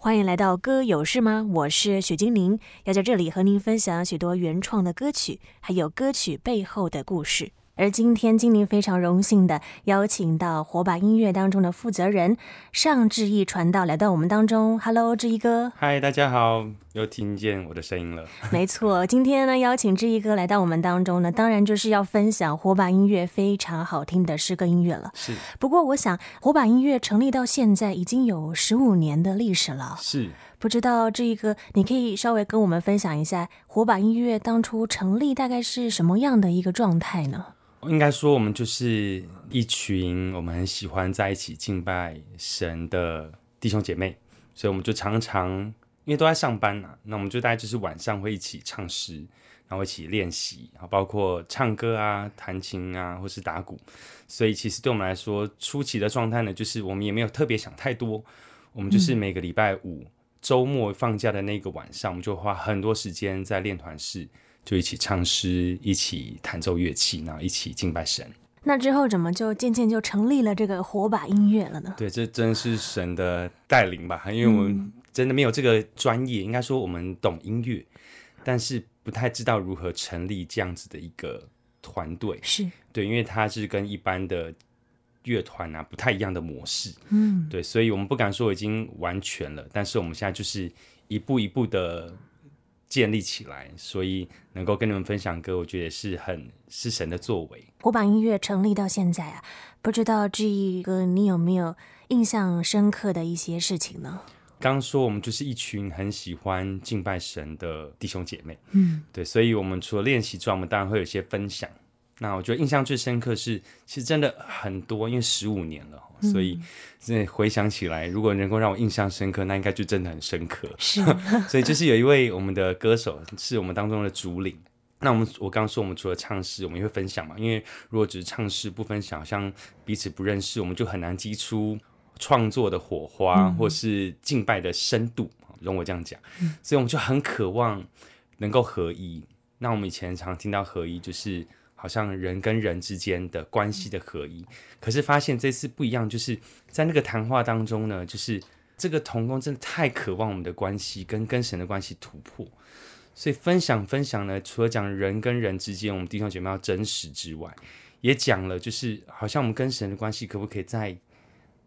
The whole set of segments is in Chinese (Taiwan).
歡迎來到歌有事嗎？我是許金寧，要在這裡和您分享許多原創的歌曲，還有歌曲背後的故事。而今天，金寧非常榮幸的邀請到火把音樂當中的負責人尚至義傳道來到我們當中。Hello，至義哥。嗨，大家好，又聽見我的聲音了。 沒錯，今天呢，邀請至義哥來到我們當中呢，當然就是要分享火把音樂非常好聽的詩歌音樂了。是。不過我想，火把音樂成立到現在已經有十五年的歷史了。是。不知道至義哥，你可以稍微跟我們分享一下火把音樂當初成立大概是什麼樣的一個狀態呢？應該說，我們就是一群我們很喜歡在一起敬拜神的弟兄姐妹，所以我們就常常因為都在上班吶、啊，那我們就大概就是晚上會一起唱詩，然後一起練習，然後包括唱歌啊、彈琴啊，或是打鼓。所以其實對我們來說，初期的狀態呢，就是我們也沒有特別想太多，我們就是每個禮拜五、嗯、周末放假的那個晚上，我們就花很多時間在練團室。就一起唱詩，一起彈奏樂器，然後一起敬拜神。那之後怎麼就漸漸就成立了這個火把音樂了呢？對，這真是神的帶領吧？因為我們真的沒有這個專業，嗯、應該說我們懂音樂，但是不太知道如何成立這樣子的一個團隊。是對，因為它是跟一般的樂團啊不太一樣的模式。嗯，對，所以我們不敢說已經完全了，但是我們現在就是一步一步的。建立起來，所以能夠跟你們分享的歌，我覺得是很是神的作為。火把音樂成立到現在啊，不知道至義哥，你有沒有印象深刻的一些事情呢？剛剛說，我們就是一群很喜歡敬拜神的弟兄姐妹，嗯，對，所以我們除了練習之外，我們當然會有一些分享。那我覺得印象最深刻是，其實真的很多，因為十五年了，嗯、所以回想起來，如果能夠讓我印象深刻，那應該就真的很深刻。是， 所以就是有一位我們的歌手，是我們當中的主領。那我們，我剛剛說，我們除了唱詩，我們也會分享嘛，因為如果只是唱詩不分享，好像彼此不認識，我們就很難激出創作的火花，嗯、或是敬拜的深度。容我這樣講，嗯、所以我們就很渴望能夠合一。那我們以前常常聽到合一就是。好像人跟人之間的關係的合一，嗯、可是發現這次不一樣，就是在那個談話當中呢，就是這個同工真的太渴望我們的關係跟跟神的關係突破，所以分享分享呢，除了講人跟人之間，我們弟兄姐妹要真實之外，也講了就是好像我們跟神的關係可不可以再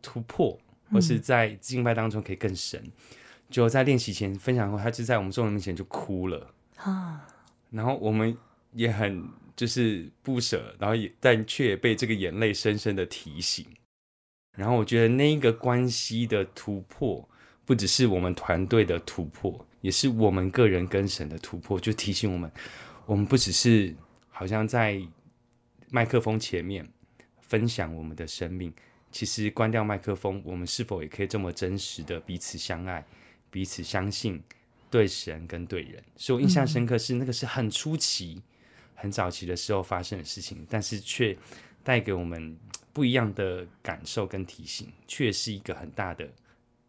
突破，嗯、或是在敬拜當中可以更神，就在練習前分享後，他就在我們眾人面前就哭了啊，然後我們也很。就是不捨，然後也但卻也被這個眼淚深深的提醒。然後我覺得那一個關係的突破，不只是我們團隊的突破，也是我們個人跟神的突破，就提醒我們，我們不只是好像在麥克風前面分享我們的生命，其實關掉麥克風，我們是否也可以這麼真實的彼此相愛、彼此相信，對神跟對人？所以，我印象深刻是，嗯、那個是很出奇。很早期的時候發生的事情，但是卻帶給我們不一樣的感受跟提醒，卻是一個很大的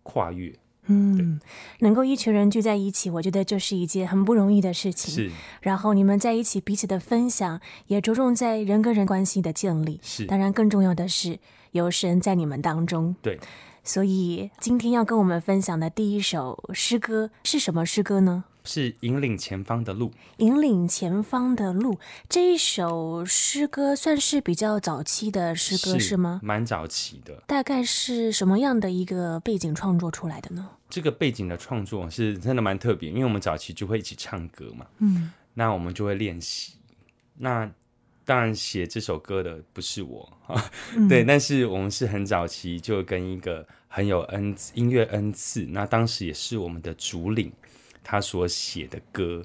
跨越。嗯，能夠一群人聚在一起，我覺得這是一件很不容易的事情。是，然後你們在一起彼此的分享，也着重在人跟人關係的建立。是，當然更重要的是有神在你們當中。對，所以今天要跟我們分享的第一首詩歌是什麼詩歌呢？是引領前方的路，引領前方的路這一首詩歌算是比較早期的詩歌是嗎？蠻早期的，大概是什麼樣的一個背景創作出來的呢？這個背景的創作是真的蠻特別，因為我們早期就會一起唱歌嘛，嗯，那我們就會練習。那當然寫這首歌的不是我，呵呵，嗯，對，但是我們是很早期就跟一個很有恩音樂恩賜，那當時也是我們的主領。他所寫的歌，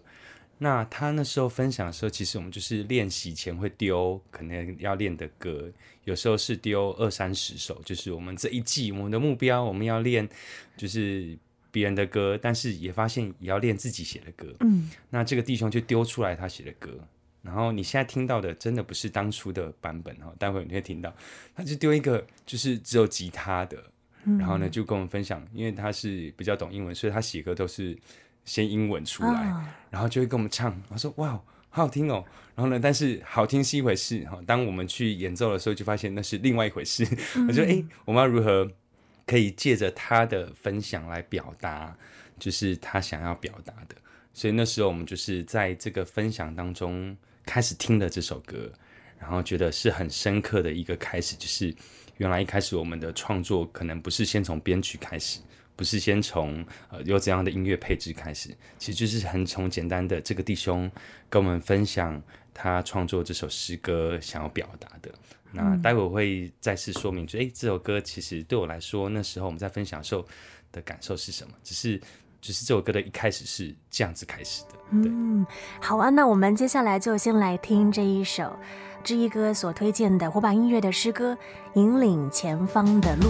那他那時候分享的時候，其實我們就是練習前會丟，可能要練的歌，有時候是丟二三十首，就是我們這一季我們的目標，我們要練就是別人的歌，但是也發現也要練自己寫的歌。嗯，那這個弟兄就丟出來他寫的歌，然後你現在聽到的真的不是當初的版本哦，待會你會聽到，他就丟一個就是只有吉他的，然後呢就跟我們分享，因為他是比較懂英文，所以他寫歌都是。先英文出來，oh。然後就會跟我們唱。我說哇，好好聽哦。然後呢，但是好聽是一回事哈。當我們去演奏的時候，就發現那是另外一回事。我覺得哎，我們要如何可以借着他的分享來表達，就是他想要表達的。所以那時候我們就是在這個分享當中開始聽了這首歌，然後覺得是很深刻的一個開始。就是原來一開始我們的創作可能不是先從編曲開始。不是先從呃有怎樣的音樂配置開始，其實就是很從簡單的這個弟兄跟我們分享他創作這首詩歌想要表達的。那待會我會再次說明就，就哎、嗯欸、這首歌其實對我來說那時候我們在分享的時候的感受是什麼，只是只、就是這首歌的一開始是這樣子開始的。對，嗯，好啊，那我們接下來就先來聽這一首至義哥所推薦的火把音樂的詩歌《引領前方的路》。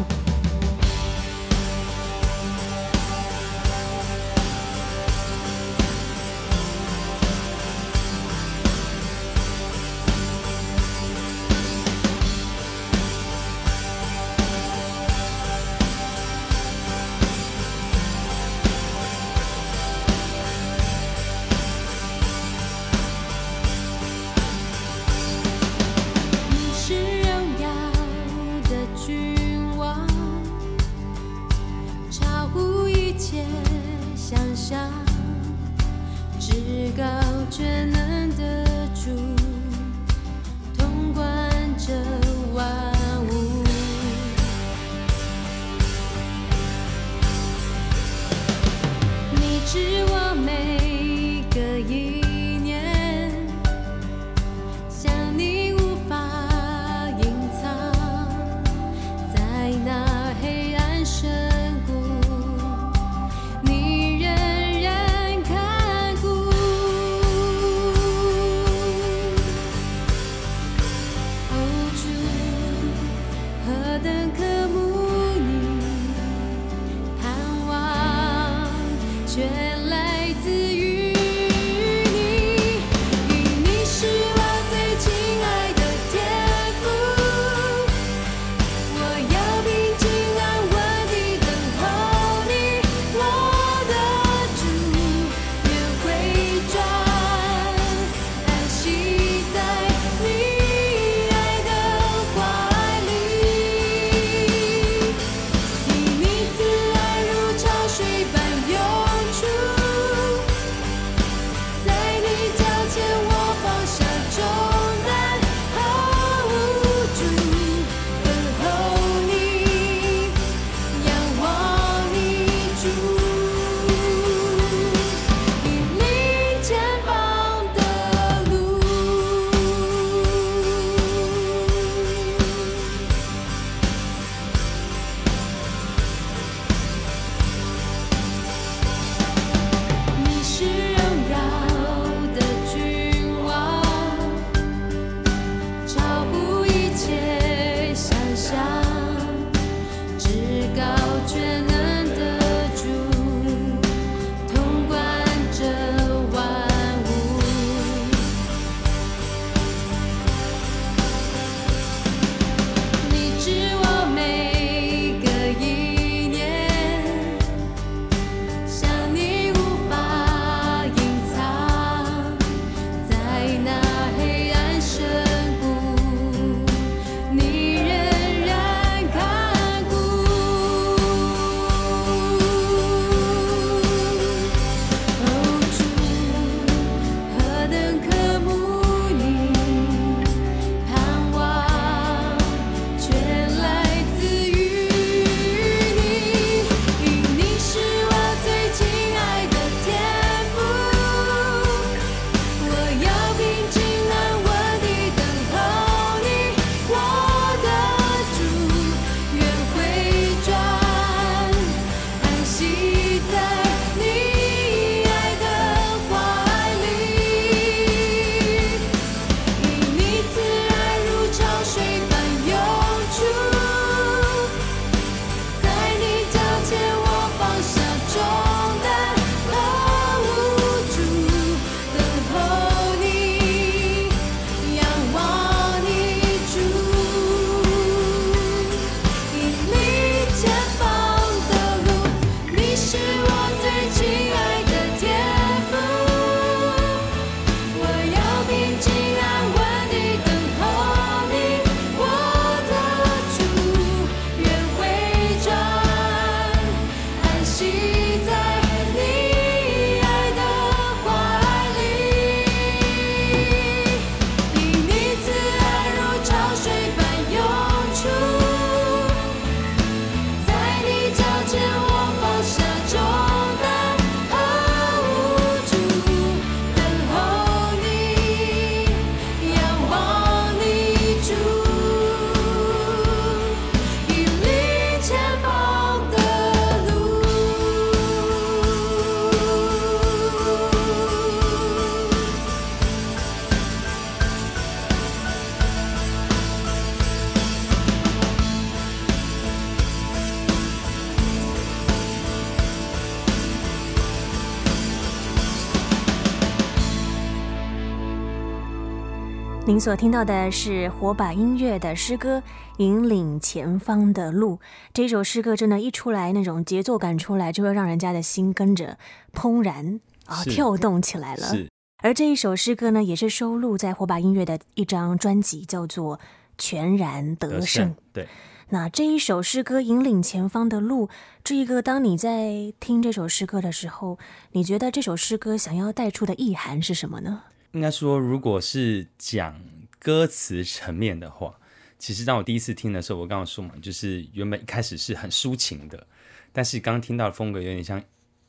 你所聽到的是火把音樂的詩歌《引領前方的路》。這一首詩歌真的，一出來那種節奏感出來，就會讓人家的心跟着怦然啊、哦、是跳動起來了。是而這一首詩歌呢，也是收錄在火把音樂的一張專輯，叫做《全然得勝》。對。那這一首詩歌《引領前方的路》，這一個當你在聽這首詩歌的時候，你覺得這首詩歌想要帶出的意涵是什麼呢？應該說，如果是講歌詞層面的話，其實當我第一次聽的時候，我剛剛說嘛，就是原本一開始是很抒情的，但是剛聽到的風格有點像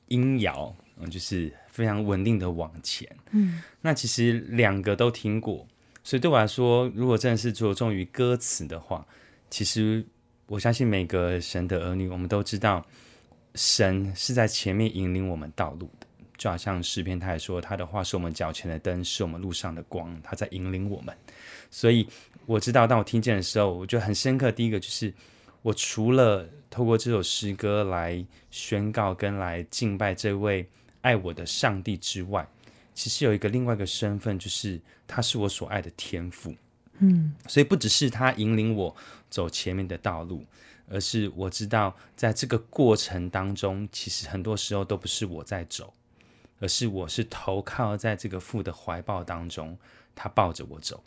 音謠，嗯，就是非常穩定的往前。嗯，那其實兩個都聽過，所以對我來說，如果真的是着重於歌詞的話，其實我相信每個神的兒女，我們都知道，神是在前面引領我們道路的。就好像詩篇，他也說，他的話是我們腳前的燈，是我們路上的光，他在引領我們。所以我知道，當我聽見的時候，我覺得很深刻。第一個就是，我除了透過這首詩歌來宣告跟來敬拜這位愛我的上帝之外，其實有一個另外一個身份，就是他是我所愛的天父。嗯，所以不只是他引領我走前面的道路，而是我知道，在這個過程當中，其實很多時候都不是我在走。而是我是投靠在這個父的懷抱當中，他抱着我走，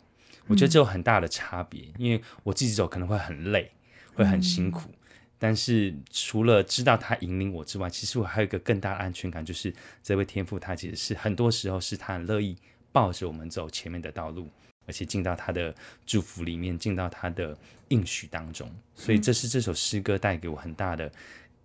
我覺得這有很大的差別，嗯、因為我自己走可能會很累，會很辛苦。嗯、但是除了知道他引領我之外，其實我還有一個更大的安全感，就是這位天父他其實是很多時候是他很樂意抱着我們走前面的道路，而且進到他的祝福裡面，進到他的應許當中。所以這是這首詩歌帶給我很大的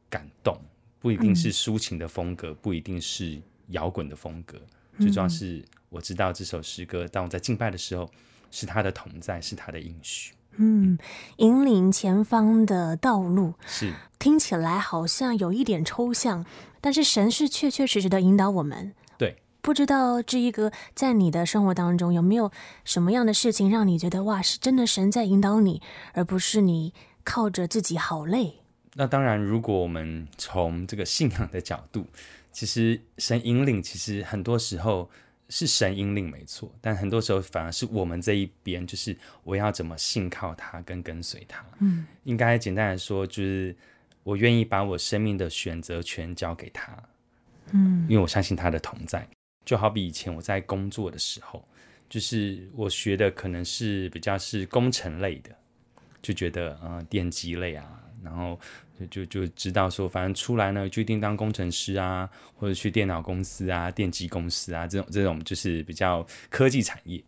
感動，不一定是抒情的風格，不一定是，嗯。不一定是搖滾的風格，最重要是我知道這首詩歌。當、嗯、我在敬拜的時候，是他的同在，是他的應許。嗯，引領前方的道路是聽起來好像有一點抽象，但是神是確確實實的引導我們。對，不知道至義哥，在你的生活當中有沒有什麼樣的事情讓你覺得哇，是真的神在引導你，而不是你靠着自己好累。那當然，如果我們從這個信仰的角度。其實神引領，其實很多時候是神引領沒錯，但很多時候反而是我們這一邊，就是我要怎麼信靠他跟跟隨他。嗯，應該簡單來說，就是我願意把我生命的選擇權交給他。嗯，因為我相信他的同在。就好比以前我在工作的時候，就是我學的可能是比較是工程類的，就覺得嗯、呃、電機類啊。然後就就就知道說，反正出來呢，就一定當工程師啊，或者去電腦公司啊、電機公司啊這種這種，這種就是比較科技產業。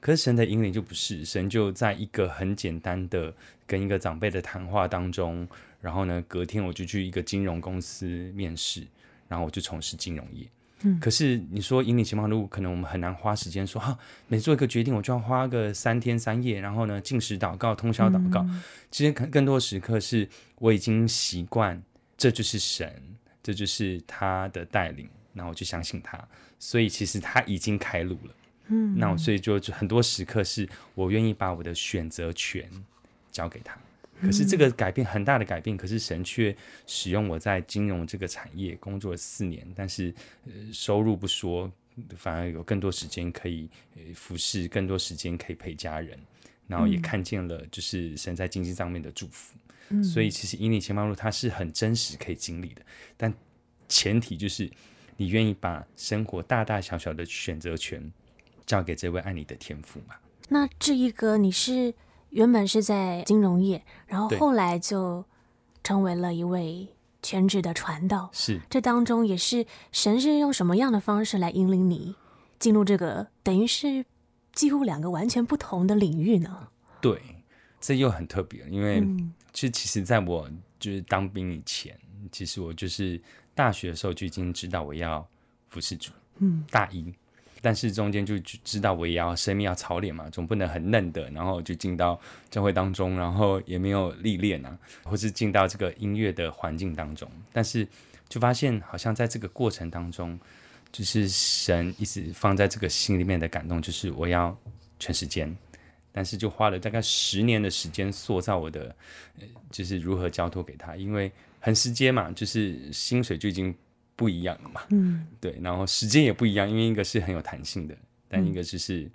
可是神的引領就不是，神就在一個很簡單的跟一個長輩的談話當中，然後呢，隔天我就去一個金融公司面試，然後我就從事金融業。嗯，可是你說引領情況，如果可能我們很難花時間說哈、啊，每做一個決定，我就要花個三天三夜，然後呢，禁食禱告，通宵禱告。嗯、其實更更多時刻是，我已經習慣，這就是神，這就是他的帶領，那我就相信他。所以其實他已經開路了，嗯，那我所以就很多時刻是，我願意把我的選擇權交給他。.可是這個改變很大的改變，可是神卻使用我在金融這個產業工作四年，但是呃、收入不說，反而有更多時間可以服侍，更多時間可以陪家人，然後也看見了就是神在經濟上面的祝福。嗯、所以其實引領前方路它是很真實可以經歷的，但前提就是你願意把生活大大小小的選擇權交給這位愛你的天父嘛。那至義哥你是？原本是在金融業，然後後來就成為了一位全職的傳道。是，這當中也是神是用什麼樣的方式來引領你進入這個，等於是幾乎兩個完全不同的領域呢？對，這又很特別，因為這其實，在我就是當兵以前，其實我就是大學的時候就已經知道我要服侍主。嗯，大一。但是中間就知道，我也要生命要操練嘛，總不能很嫩的，然後就進到教會當中，然後也沒有歷練啊，或是進到這個音樂的環境當中。但是就發現，好像在這個過程當中，就是神一直放在這個心裡面的感動，就是我要全時間。但是就花了大概十年的時間塑造我的，就是如何交托給他，因為全時間嘛，就是薪水就已經。不一樣嘛，嗯，對，然後時間也不一樣，因為一個是很有彈性的，但一個就是、嗯、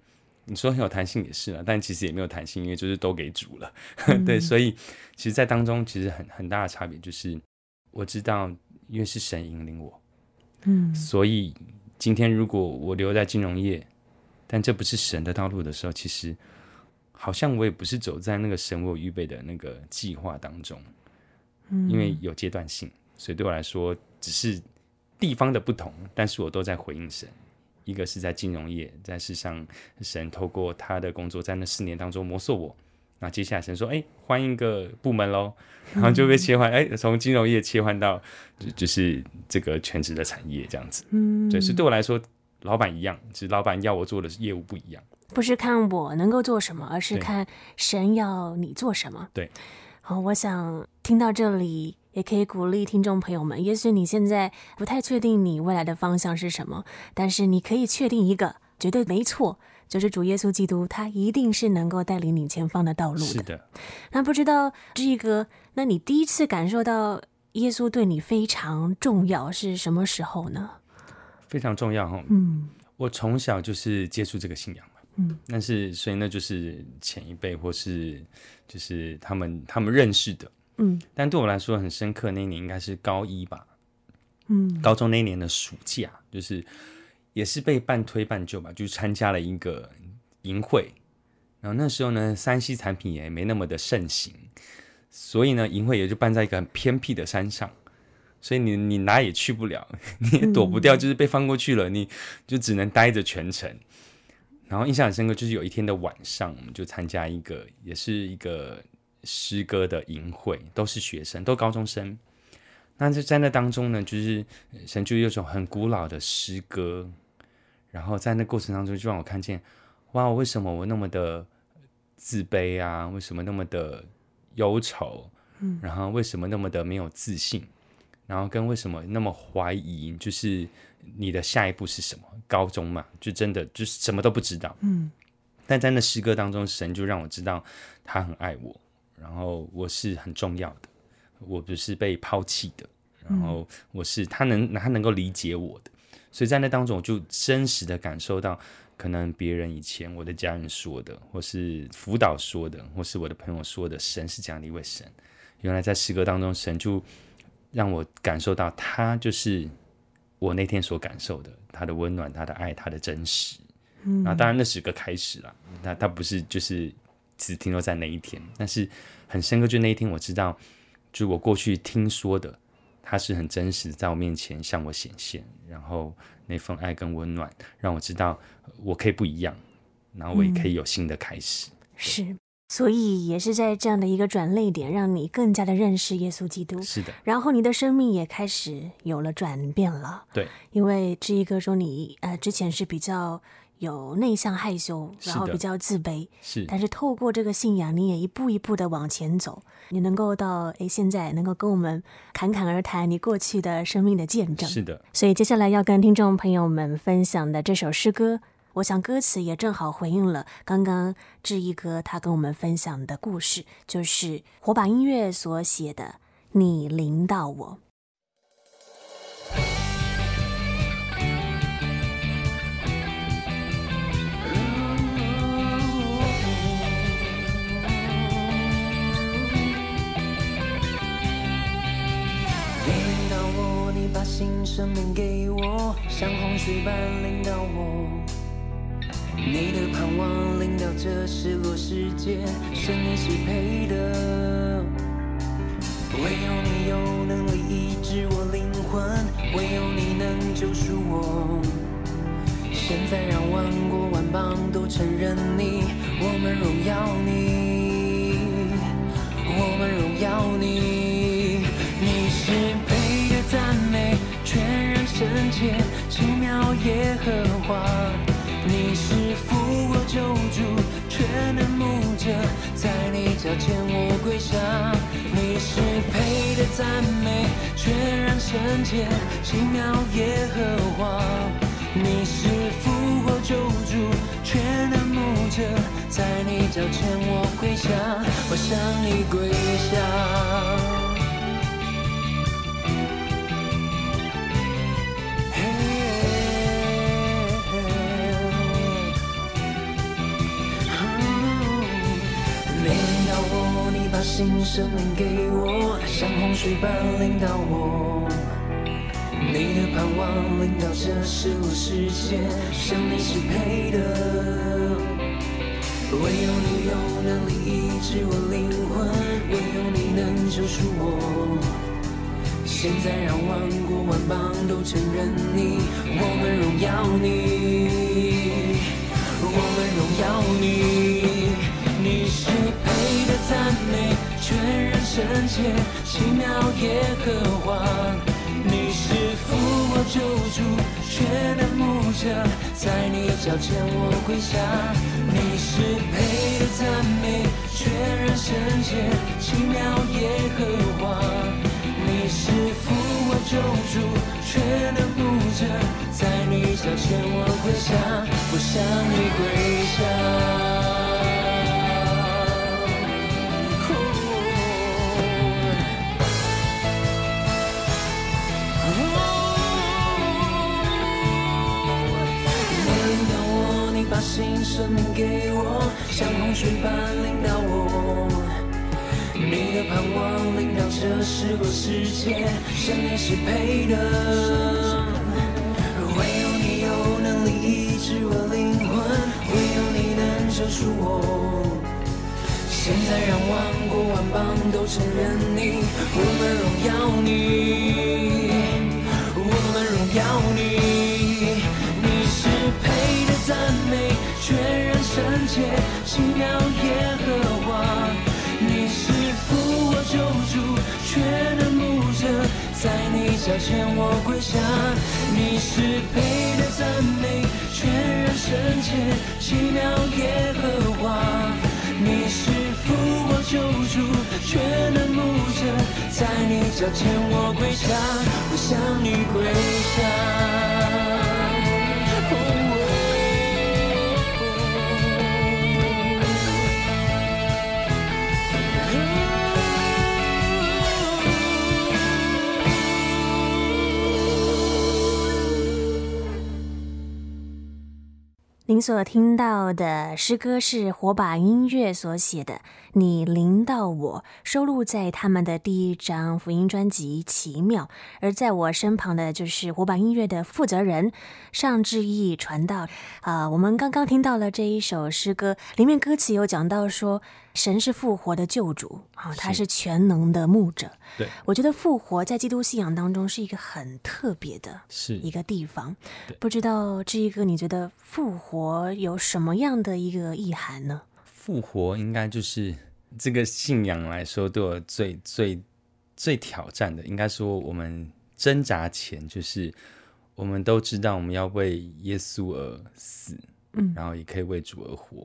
你說很有彈性也是了，但其實也沒有彈性，因為就是都給主了，嗯、 對，所以其實，在當中其實很很大的差別就是，我知道，因為是神引領我，嗯，所以今天如果我留在金融業，但這不是神的道路的時候，其實好像我也不是走在那個神為我預備的那個計劃當中，嗯，因為有階段性，所以對我來說只是。地方的不同，但是我都在回應神。一個是在金融業，在世上，神透過他的工作，在那四年當中磨塑我。那接下來神說：“哎，換一個部門嘍。”然後就被切換，哎，從金融業切換到就就是這個全職的產業這樣子。嗯，對，是對我來說，老闆一樣，是老闆要我做的是業務不一樣，不是看我能夠做什麼，而是看神要你做什麼。對，好，oh, 我想聽到這裡。也可以鼓勵聽眾朋友們，也許你現在不太確定你未來的方向是什麼，但是你可以確定一個，絕對沒錯，就是主耶穌基督，他一定是能夠帶領你前方的道路的。是的。那不知道至義哥，那你第一次感受到耶穌對你非常重要是什麼時候呢？非常重要哦。嗯，我從小就是接觸這個信仰嘛。嗯，但是所以呢，就是前一輩或是就是他們他們認識的。嗯，但對我來說很深刻。那一年應該是高一吧，嗯，高中那一年的暑假，就是也是被半推半就吧，就參加了一個營會。然後那時候呢，3C 產品也沒那麼的盛行，所以呢，營會也就辦在一個很偏僻的山上，所以你你哪也去不了，你也躲不掉，嗯、就是被放過去了，你就只能待着全程。然後印象很深刻，就是有一天的晚上，我們就參加一個，也是一個。詩歌的營會都是學生，都高中生。那就在那當中呢，就是神就有一種很古老的詩歌，然後在那過程當中就讓我看見，哇，為什麼我那麼的自卑啊？為什麼那麼的憂愁？嗯，然後為什麼那麼的沒有自信？然後跟為什麼那麼懷疑？就是你的下一步是什麼？高中嘛，就真的就是什麼都不知道。嗯，但在那詩歌當中，神就讓我知道他很愛我。然後我是很重要的，我不是被拋棄的。然後我是他能他能夠理解我的，嗯、所以在那當中，我就真實的感受到，可能別人以前我的家人說的，或是輔導說的，或是我的朋友說的，神是這樣的一位神。原來在詩歌當中，神就讓我感受到，他就是我那天所感受的，他的溫暖，他的愛，他的真實。嗯，那當然那是個開始啦，那他不是就是。只停留在那一天，但是很深刻，就那一天我知道，就我過去聽說的，它是很真實，在我面前向我顯現，然後那份愛跟溫暖，讓我知道我可以不一樣，然後我也可以有新的開始。嗯、對是，所以也是在這樣的一個轉捩點，讓你更加的認識耶穌基督。是的，然後你的生命也開始有了轉變了。對，因為至義哥說你呃之前是比較。有內向害羞，然後比較自卑，是，是。但是透過這個信仰，你也一步一步的往前走，你能夠到哎現在能夠跟我們侃侃而談你過去的生命的見證，是的。所以接下來要跟聽眾朋友們分享的這首詩歌，我想歌詞也正好回應了剛剛至義哥他跟我們分享的故事，就是火把音樂所寫的《你領導我》。生命給我，像洪水般臨到我。你的盼望臨到這失落世界，是你支配的。唯有你有能力醫治我靈魂，唯有你能救贖我。現在讓萬國萬邦都承認你，我們榮耀你，我們榮耀你。奇妙耶和華，你是復活救主，全能牧者，在你腳前我跪下。你是配得讚美，全然聖潔。奇妙耶和華，你是復活救主，全能牧者，在你腳前我跪下。我向你跪下。新生命給我，像洪水般淋到我。你的盼望領導這失落世界，是與你配的。唯有你有能力醫治我靈魂，唯有你能救贖我。現在讓萬國萬邦都承認你，我們榮耀你，我們榮耀你。讚美全然聖潔奇妙耶和華，你是扶我救主全能牧者，在你腳前我跪下。你是配得讚美全然聖潔奇妙耶和華，你是扶我救主全能牧者，在你腳前我跪下，我向你跪下。生命給我，像洪水般淋到我。你的盼望，領導著失落世界，誰是配的？唯有你有能力醫治我靈魂，唯有你能救贖我。現在讓萬國萬邦都承認你，我們榮耀你。全然聖潔，奇妙耶和華，你是扶我救主，全能牧者，在你腳前我跪下，你是配得讚美，全然聖潔，奇妙耶和華，你是扶我救主，全能牧者，在你腳前我跪下，我向你跪下。您所聽到的詩歌是火把音樂所寫的。你臨到我收錄在他們的第一張福音專輯《奇妙》，而在我身旁的就是火把音樂的負責人尚至義傳道。啊、呃，我們剛剛聽到了這一首詩歌，裡面歌詞有講到說，神是復活的救主啊，他是全能的牧者。對，我覺得復活在基督信仰當中是一個很特別的一個地方。不知道這一個你覺得復活有什麼樣的一個意涵呢？復活應該就是這個信仰來說對我最最最挑戰的。應該說我們掙扎前，就是我們都知道我們要為耶穌而死，嗯，然後也可以為主而活。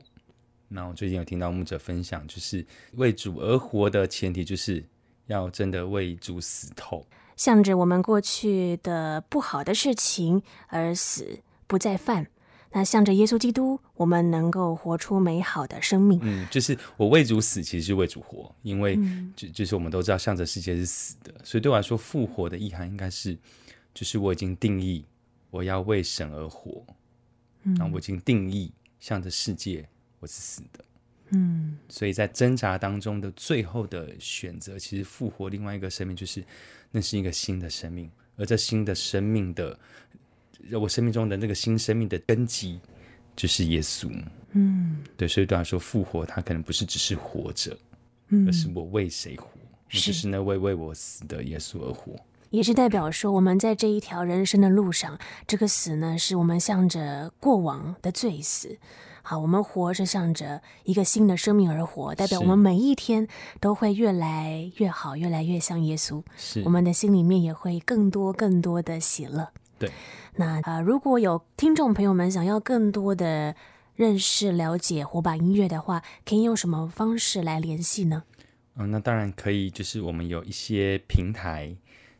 那、嗯、我最近有聽到牧者分享，就是為主而活的前提就是要真的為主死透，向着我們過去的不好的事情而死，不再犯。那向着耶穌基督，我們能夠活出美好的生命。嗯，就是我為主死，其實是為主活，因為就就是我們都知道，向着世界是死的，嗯，所以對我來說，復活的意涵應該是，就是我已經定義我要為神而活，嗯，然後我已經定義向着世界我是死的。嗯，所以在掙扎當中的最後的選擇，其實復活另外一個生命，就是那是一個新的生命，而這新的生命的。我生命中的那個新生命的根基就是耶穌。嗯，對，所以對他說復活，他可能不是只是活着，嗯，而是我為誰活？是，我就是那位為我死的耶穌而活，也是代表說我們在這一條人生的路上，這個死呢，是我們向着過往的罪死。好，我們活着向着一個新的生命而活，代表我們每一天都會越來越好，越來越像耶穌。是，我們的心裡面也會更多更多的喜樂。對，那啊、呃，如果有聽眾朋友們想要更多的認識、了解火把音樂的話，可以用什麼方式來聯繫呢？嗯，那當然可以，就是我們有一些平台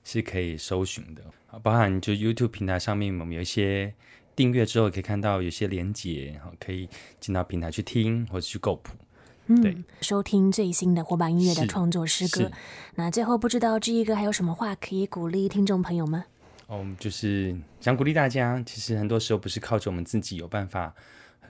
是可以搜尋的，啊、包含就 YouTube 平台上面，我們有一些訂閱之後可以看到有些連結，然後、啊、可以進到平台去聽或者去購譜，對，嗯、收聽最新的火把音樂的創作詩歌。是是，那最後，不知道至義哥還有什麼話可以鼓勵聽眾朋友們？哦，我們就是想鼓勵大家，其實很多時候不是靠着我們自己有辦法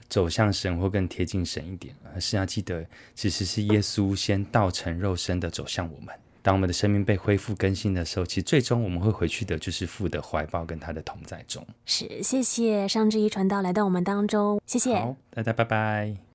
走向神或更貼近神一點，而是要記得，其實是耶穌先道成肉身的走向我們。當我們的生命被恢復更新的時候，其實最終我們會回去的就是父的懷抱跟他的同在中。是，謝謝尚至義傳道來到我們當中，謝謝好大家，拜拜。